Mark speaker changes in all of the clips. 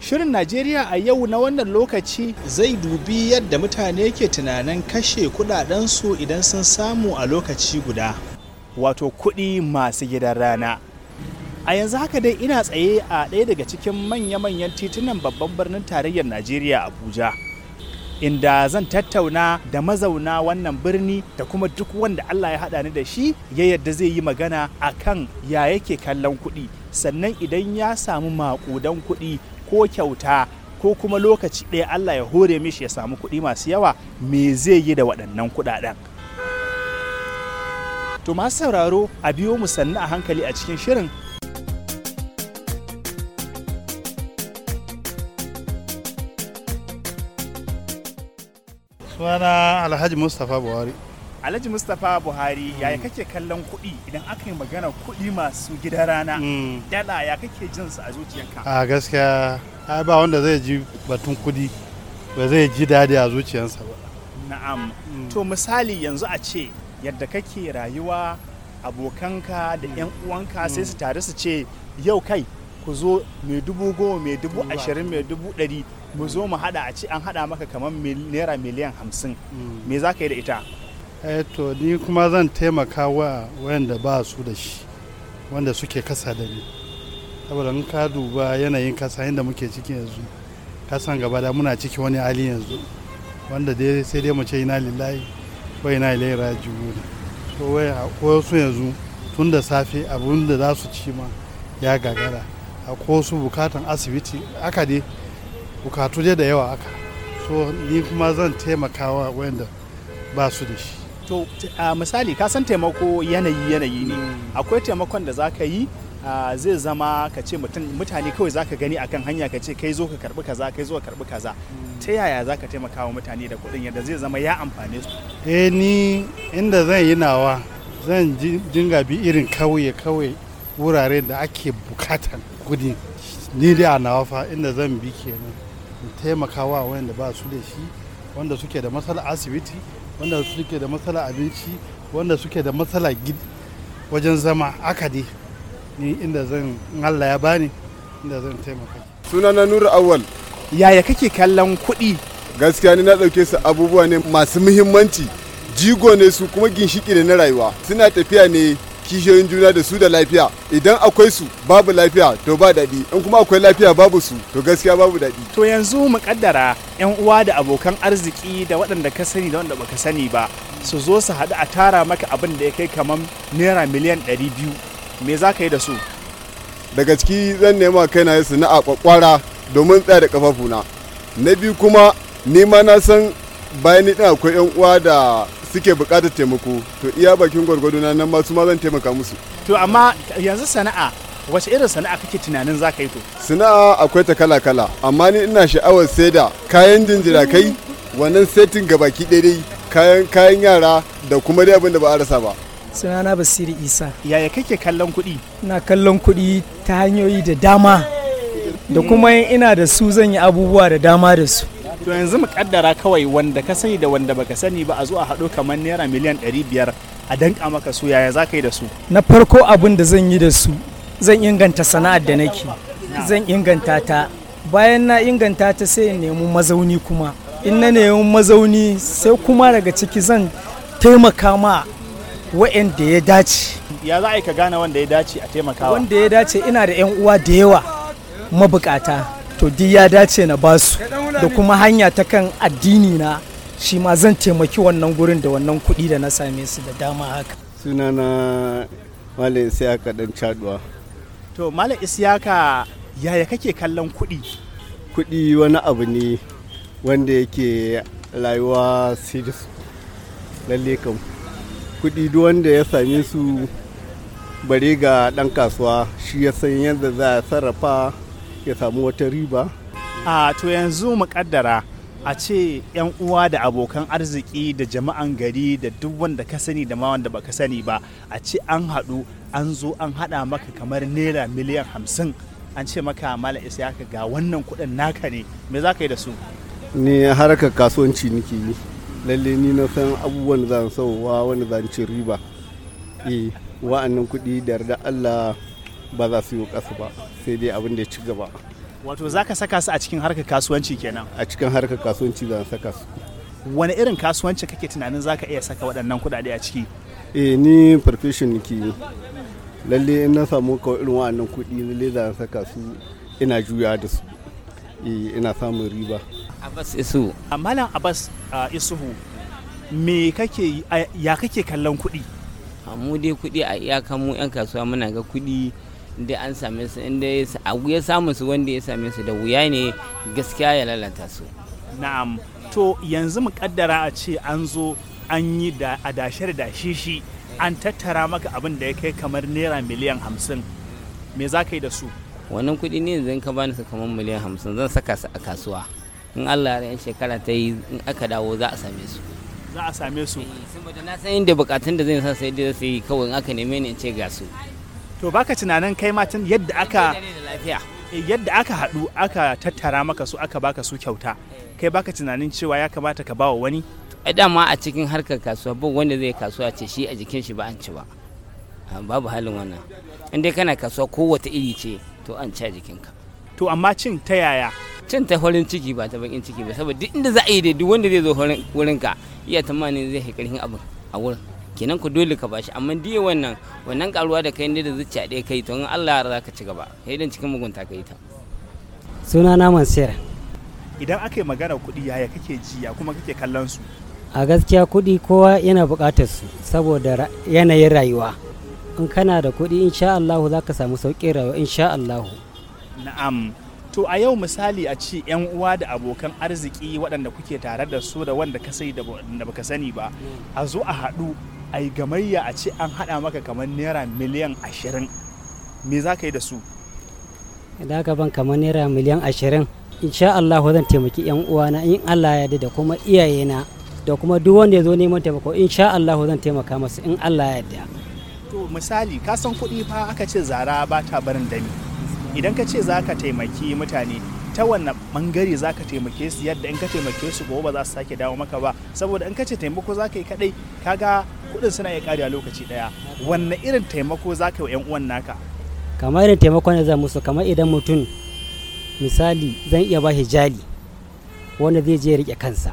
Speaker 1: Shirin Najeriya a yau na wannan lokaci zai dubi yadda mutane ke tunanin kashe kudadensu idan sun samu a lokaci guda, wato kuɗi masu gidan rana. A yanzu haka dai ina tsaye a ɗaya daga cikin manya-manyan titunan babban birnin tarayyar Najeriya Abuja. Inda zan tattauna da mazauna wannan birni da kuma duk wanda Allah ya haɗa ni da shi ya yadda zai yi magana a kan ya yake kallon kuɗi sannan idan ya samu maƙudan kuɗi ko kyauta ko kuma lokaci ɗaya Allah ya hore mishi ya samu kuɗi masu yawa me zai yi da waɗannan kuɗaɗen to masu sauraro a biyo mu sannu a hankali a cikin shirin
Speaker 2: sunana alhaji mustapha buhari
Speaker 1: Alhaji Mustapha Buhari yaya mm. kake kallon kuɗi idan aka yi magana kuɗi masu gidan rana mm. dala ya kake jin su a zuciyarka?
Speaker 2: A gaskiya ai ba wanda zai ji batun kuɗi ba zai ji daɗi a zuciyarsa ba.
Speaker 1: Na'am. Mm. To misali yanzu a ce yadda kake rayuwa abokanka da 'yan uwanka sai su tare su ce yau kai ku zo mai dubu goma mai dubu ashirin mai dubu ɗari mu zo mu haɗa a ce an haɗa maka kamar naira miliyan hamsin
Speaker 2: me za ka yi da ita Eh, to ni kuma zan taimaka wa wanda ba su da shi wanda suke kasa da ni saboda in ka duba yanayin kasa inda muke ciki yanzu kasan gaba da muna ciki wani hali yanzu wanda dai sai dai mu ce ina lillahi ko ina ilaihi raji'un to wai wasu yanzu tun da safe abun da za su ci ma ya gagara a su bukatan asibiti aka dai bukatu dai da yawa aka so ni kuma zan taimaka taimakawa wanda ba su da shi
Speaker 1: to misali ka san taimako yanayi yanayi ne mm. akwai taimakon da za ka yi zai zama ka ce mutane kawai za ka gani akan hanya ka ce kai zo ka karbi kaza kai zo ka karbi kaza mm. ta yaya za ka taimaka wa mutane da kuɗin yadda zai zama ya amfane su
Speaker 2: eh ni inda zan yi nawa zan dinga bi irin kauye kauye wuraren da ake bukatan kudi ni dai a nawa fa inda zan bi kenan taimakawa wanda ba su da shi wanda suke da matsalar asibiti wanda suke da matsala abinci wanda suke da matsala wajen zama akade, ni inda zan Allah ya bani inda zan taimaka
Speaker 3: suna na nura awal yaya kake kallon kuɗi gaskiya ni na ɗauke su abubuwa ne masu muhimmanci jigo ne su kuma ginshiki ne na rayuwa suna tafiya ne kishiyoyin juna da su da lafiya idan akwai su babu lafiya to ba daɗi in kuma akwai lafiya babu su
Speaker 1: to gaskiya babu daɗi to yanzu mu kaddara yan uwa da abokan arziki da waɗanda ka sani da waɗanda baka sani ba su zo su haɗu a tara maka abin da ya kai kamar naira miliyan ɗari biyu me za ka yi da su
Speaker 3: daga ciki zan nema kaina na sana'a kwakwara domin tsaya da kafafuna na biyu kuma ni ma na san bayan ni akwai yan uwa da suke bukatar taimako to iya bakin gwargwado na nan masu ma zan taimaka musu
Speaker 1: to amma yanzu sana'a wace irin sana'a kake tunanin za ka yi to
Speaker 3: sana'a akwai ta kala kala amma ni ina sha'awar sai da kayan jinjira kai wannan setin gabaki daidai kayan kayan yara da kuma dai abin da ba a rasa ba
Speaker 1: sunana basiri isa yaya kake kallon kuɗi na kallon kuɗi ta hanyoyi da dama da kuma ina da su zan yi abubuwa da dama da su to yanzu mu kaddara kawai wanda ka sani da wanda baka sani ba a zuwa haɗo kamar naira miliyan 500 a danka maka su yaya za ka yi da su na farko abin da zan yi da su zan inganta sana'ar da nake zan inganta ta bayan na inganta ta sai in nemi mazauni kuma in na nemi mazauni sai kuma daga ciki zan taimaka ma wa'anda ya dace ya za a yi ka gane wanda ya dace a taimakawa wanda ya dace ina da 'yan uwa da yawa mabukata to di ya dace na basu da kuma hanya ta kan addini na shi ma zan taimaki wannan gurin da wannan kuɗi da na same su da dama haka sunana malam isiyaka dan caduwa to malam isiyaka yaya kake kallon kuɗi
Speaker 3: kuɗi wani abu ne wanda yake rayuwa serious lalle kan kuɗi duk wanda ya same su bare ga ɗan kasuwa shi ya san yadda za a sarrafa ya samu wata
Speaker 1: riba a to yanzu muƙaddara a ce yan uwa da abokan arziki da jama'an gari da duk wanda ka sani da ma wanda baka sani ba a ce an haɗu an zo an haɗa maka kamar naira miliyan hamsin an ce maka mala isa ga wannan kuɗin naka ne me za ka yi da su
Speaker 3: ni harkar kasuwanci nake yi lalle ni na san abubuwan zan sauwa wanda zan ci riba eh wa'annan kuɗi da yarda Allah ba za su yi ƙasa ba sai dai abin da ya ci gaba
Speaker 1: wato za ka saka su a cikin harkar kasuwanci kenan a cikin harkar kasuwanci zan saka su wani irin kasuwanci kake tunanin za ka iya saka waɗannan kuɗaɗe a ciki
Speaker 3: eh ni profession ke lalle in na samu kawai irin wa'annan kuɗi lalle zan saka su ina juya da su eh ina samun riba abbas isuhu
Speaker 1: ah, malam abbas ah, isuhu me kake ah, ya kake kallon kuɗi mu dai kuɗi a iyakan
Speaker 4: mu 'yan kasuwa muna ga kuɗi inda an same su inda ya samu su wanda ya same su da
Speaker 1: wuya ne gaskiya ya lalata su na'am to yanzu mu kaddara a ce an zo an yi da adashar da shi an tattara maka abin da ya kai kamar naira miliyan hamsin me za ka yi da su
Speaker 4: wannan kuɗi ne yanzu ka bani su kamar miliyan hamsin zan saka su a kasuwa in allah ya shekara ta yi in aka dawo za a same su
Speaker 1: za a same su eh, saboda na
Speaker 4: san inda bukatun da zan sa sai da su yi kawai in aka neme ne in ce ga
Speaker 1: su to baka tunanin kai matan yadda aka eh, yadda aka haɗu aka tattara maka su aka baka su kyauta eh. kai baka tunanin cewa ya kamata ka bawa wani
Speaker 4: a dama a cikin harkar kasuwa ba wanda zai kasuwa ce shi a jikin shi ba an ci ba ah, babu halin wannan in dai kana kasuwa wata iri ce to an ci a jikin ka. to amma cin ta yaya cin ta horin ciki ba ta bakin ciki ba saboda duk inda za a yi da duk wanda zai zo ka iya tamanin zai kai karfin abin a wurin kenan ku dole ka bashi amma diya wannan wannan karuwa da kai ne da zuciya ɗaya kai to in Allah ya ka ci gaba kai dan cikin mugunta kai ta
Speaker 5: suna na mansira
Speaker 1: idan aka yi magana kuɗi yaya
Speaker 5: kake ji ya kuma kake kallon su a gaskiya kuɗi kowa yana buƙatar su saboda yanayin rayuwa in kana da kuɗi insha Allah za ka samu sauƙin rayuwa insha Allah
Speaker 1: na'am to a yau misali a ce yan uwa da abokan arziki waɗanda kuke tare da su da wanda ka sai da baka sani ba a zo a haɗu ai gamayya a ce an haɗa maka kamar naira miliyan ashirin me za ka yi da su
Speaker 5: idan ka ban kamar naira miliyan ashirin insha Allah zan taimaki yan uwana in Allah ya da kuma iyayena da kuma duk wanda ya zo neman taimako insha Allah zan taimaka masa in Allah ya yarda
Speaker 1: to misali ka san kuɗi fa aka ce zara ba ta barin dami idan ka ce za taimaki mutane ta wanne bangare za ka taimake su yadda in ka taimake su gobe ba za su sake dawo maka ba saboda in ka ce taimako za ka yi kaɗai kaga kudin suna iya kare a lokaci daya. wanne irin taimako za ka yi wa 'yan uwan naka
Speaker 5: kamar irin taimakon da zan musu kamar idan mutum misali zan iya ba shi jali wanda zai je ya rike kansa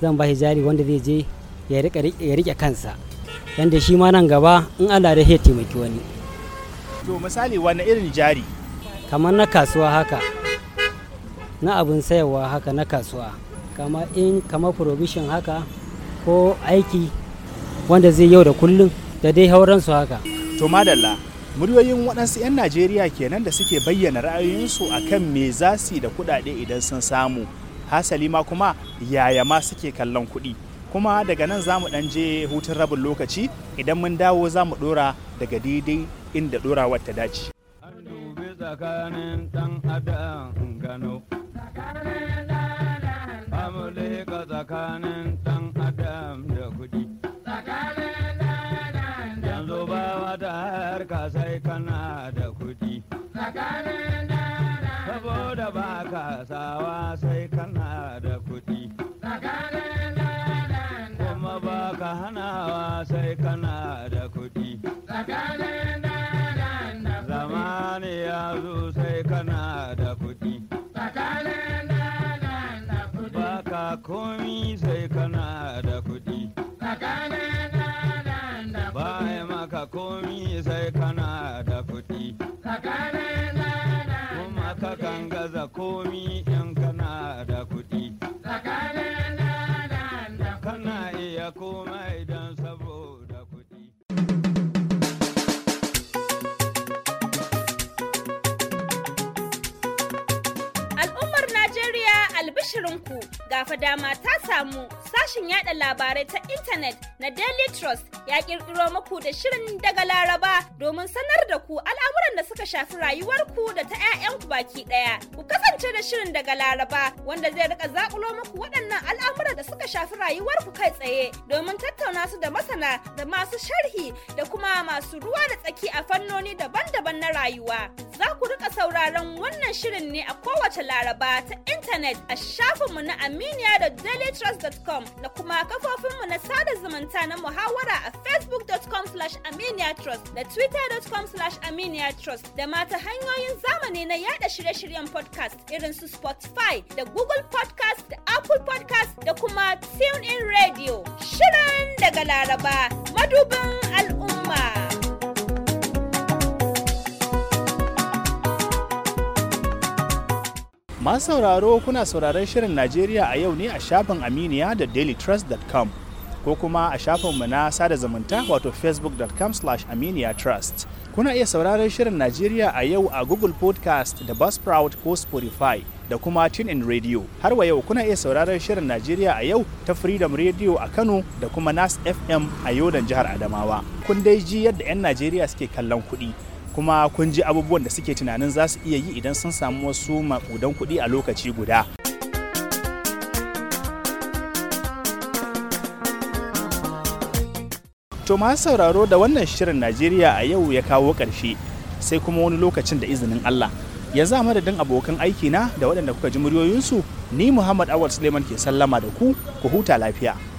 Speaker 5: zan ba shi jali wanda zai je ya rike kansa yanda shi ma nan gaba in Allah da ya taimaki wani to misali wanne irin jari kamar na kasuwa haka na abin sayarwa haka na kasuwa kama in kamar provision haka ko aiki wanda zai yau da kullum da dai hauransu haka. To
Speaker 1: madalla muryoyin waɗansu 'yan Najeriya kenan da suke bayyana ra'ayoyinsu a kan me za su da kuɗaɗe idan sun samu. Hasali ma kuma yaya ma suke kallon kuɗi. Kuma daga nan zamu mu ɗan je hutun rabin lokaci idan mun dawo zamu mu ɗora daga daidai inda ɗorawar ta dace.
Speaker 4: tsakanin ɗan kana da kuɗi. Baka komi sai kana da kuɗi. Baya maka komi sai kana da kuɗi. Kuma ka kan gaza
Speaker 5: komi in kana da
Speaker 4: Kana iya komi. samu sashin yada labarai ta intanet na Daily Trust ya kirkiro muku da shirin daga Laraba domin sanar da ku al'amuran da suka shafi rayuwarku da ta 'ya'yanku baki ɗaya. Ku kasance da shirin daga Laraba wanda zai rika zakulo muku waɗannan al'amuran da suka shafi rayuwarku kai tsaye domin tattauna su da masana da masu sharhi da kuma masu ruwa da tsaki a fannoni daban-daban na rayuwa. Za ku rika sauraron wannan shirin ne a kowace Laraba ta intanet a shafinmu na aminiya da dailytrust.com da kuma kafofinmu na sada zumunta na muhawara a facebook.com slash aminiatrust da twitter.com slash aminiatrust da mata hanyoyin zamani na yada shirye-shiryen podcast irin su spotify da google podcast da apple podcast da kuma tune in radio shirin daga laraba madubin al'umma
Speaker 1: Masu sauraro kuna sauraron shirin Najeriya a yau ne a shafin Aminiya da dailytrust.com ko kuma a shafinmu na sada zumunta wato facebookcom trust kuna iya sauraron shirin najeriya a yau a google podcast da buzzsprout ko spotify da kuma in radio har wa yau kuna iya sauraron shirin najeriya a yau ta freedom radio a kano da kuma nas fm a yodan jihar adamawa kun dai ji yadda 'yan najeriya suke kallon kuɗi kuma kun ji abubuwan da suke tunanin za su iya yi idan sun samu wasu maƙudan kuɗi a lokaci guda. To masu sauraro da wannan shirin Najeriya a yau ya kawo ƙarshe sai kuma wani lokacin da izinin Allah. Ya za madadin abokan aiki na da waɗanda kuka ji muryoyinsu ni Muhammad Awad Suleiman ke sallama da ku ku huta lafiya.